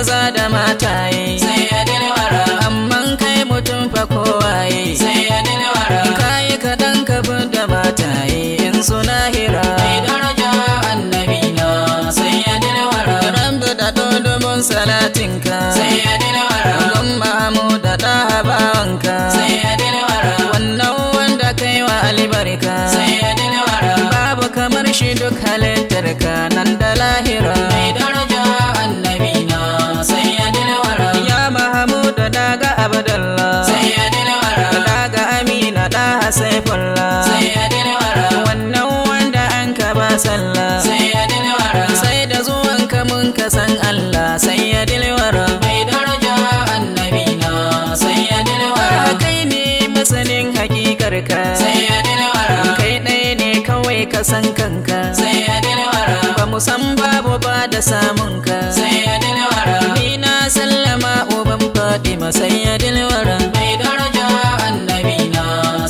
maza da mata ka san kanka sai ya dilwara ba mu san babu ba da samun ka sai ya dilwara ni na sallama uban Fatima sai ya dilwara mai daraja annabi na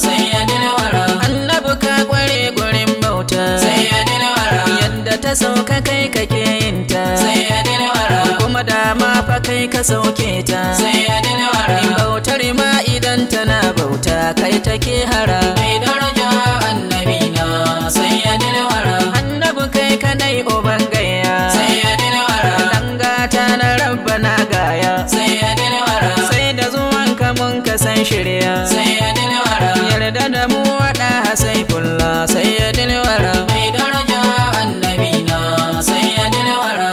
sai ya dilwara annabi ka kware gurin bauta sai ya dilwara yadda ta sauka kai kake yin ta sai ya dilwara kuma da ma fa kai ka sauke ta sai ya dilwara bautar ma idan tana bauta kai take hara da mu waɗa sai kulla sai ya wara. Mai daraja annabi na sai ya dilwara.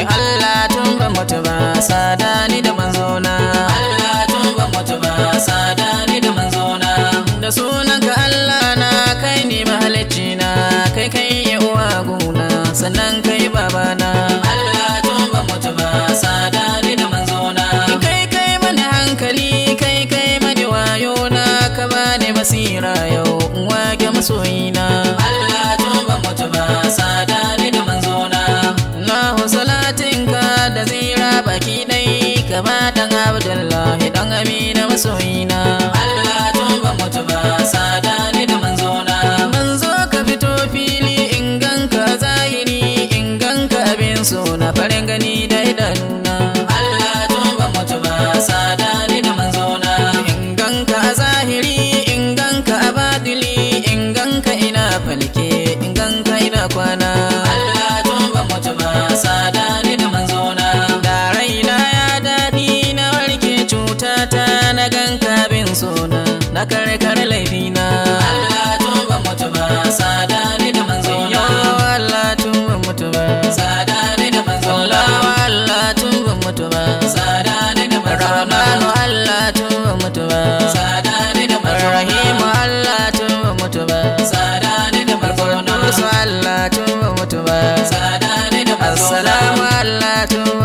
In Allah tun ban mutu ba sada ni da manzona. Allah tun ban mutu ba sada ni da manzona. Da sunanka Allah na kai ne mahalicci na kai kai ya uwa guna sannan kai babana. soyina. Allah to ban mutu ba sada ne da manzona Allahu ka da zira baki dai kama dan Abdullahi dan Amina masoyina kwana Allah tun ba mutu ba sada ni da manzona da raina ya daɗi na warke cutata na ganka bin sona na karkar Assalamu alaikum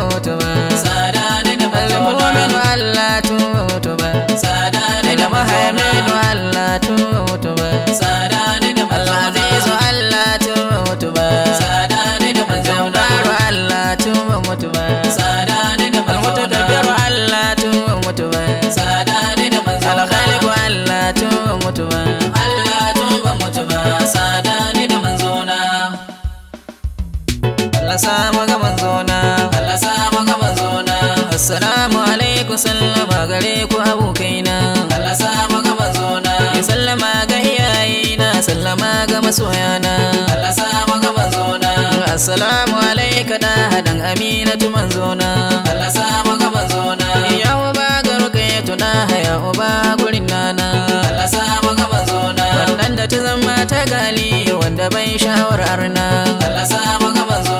sallama gare ku abokaina Allah sa maka manzona ya sallama ga iyayena sallama ga masoyana Allah sa maka manzona assalamu alayka da hadan aminatu manzona Allah sa maka manzona ya uba garuka ya tuna, haya uba gurin nana Allah sa maka manzona wannan da ta zama ta gali wanda bai shawar arna Allah sa maka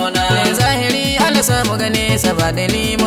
Mai zahiri Allah sa mu gane sabadani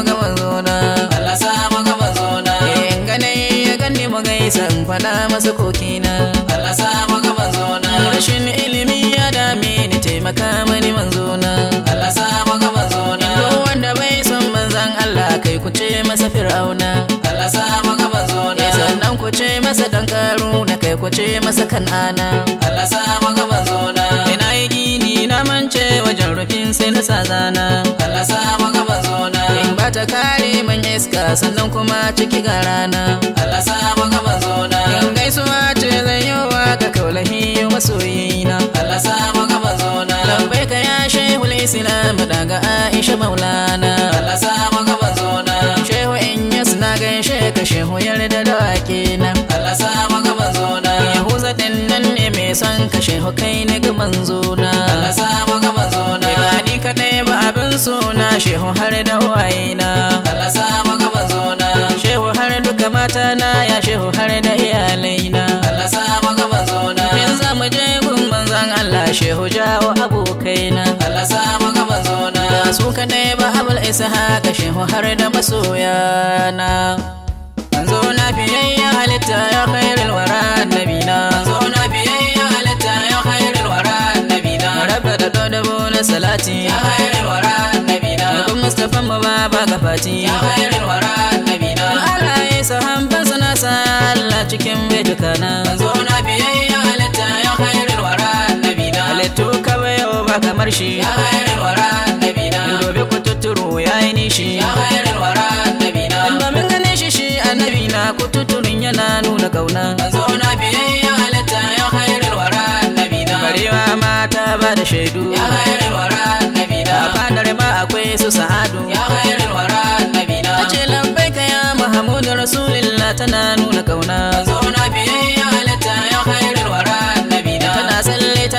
faɗa masu kokina Allah sa maka manzona rashin ilimi ya dame ni taimaka mani manzona Allah sa maka manzona ko wanda bai son manzan Allah kai ku ce masa fir'auna Allah sa maka manzona eh, sannan ku ce masa dan karuna kai ku ce masa kan'ana Allah sa maka manzona ina yi gini na mance wajen rufin sai na sa zana Allah sa maka manzona in bata kare man iska sannan kuma ciki ga rana Allah sa maka manzona masoyina Allah sa maka mazona lambai ka ya shehul islam daga aisha maulana Allah sa maka mazona shehu in yas na gaishe ka shehu yarda da wake na Allah sa maka mazona yahuza din nan ne mai son ka shehu kai ne ga manzona Allah sa maka mazona ba ni kadai ba abin suna shehu har da uwayena Allah sa maka mazona shehu har duka mata na ya shehu har da iya shehu jawo abokaina Allah samu ga na su ka ne ba abul ka shehu har da manzo na fiyayya halitta ya khairul waran ba kamar shi ya hayar wara annabina dobe ku tuturu ya yi nishi ya hayar wara annabina domin ganin shi shi annabina ku tuturun yana nuna kauna manzo na ya halitta ya hayar nabina. Bari ma mata ba da shaidu ya hayar wara annabina a fadar ma akwai su sa'adu ya hayar wara annabina a ce lambai ka ya muhammadu rasulillah tana nuna kauna manzo na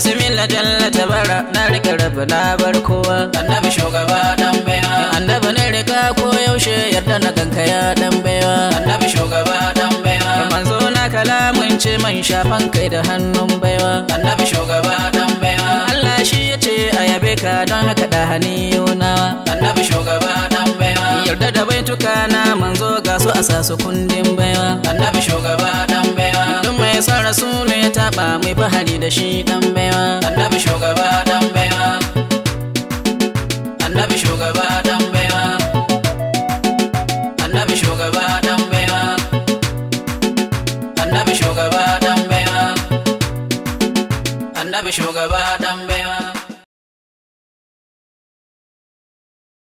bismillah jalla tabara na rike rabu na bar kowa annabi shugaba dan baiwa annabi ne rika ko yaushe yarda na ganka ya dan baiwa annabi shugaba dan baiwa manzo na kalamun ce man shafan kai da hannun baiwa annabi shugaba dan baiwa Allah shi ya ce a yabe ka don haka da haniyo yunawa annabi shugaba dan baiwa yarda da baituka na manzo ga su a sasu kundin baiwa annabi shugaba dan baiwa ya sa rasulu ya taba mai bahari da shi dan baiwa annabi shugaba dan baiwa annabi shugaba dan baiwa annabi shugaba dan baiwa annabi shugaba dan baiwa annabi shugaba dan baiwa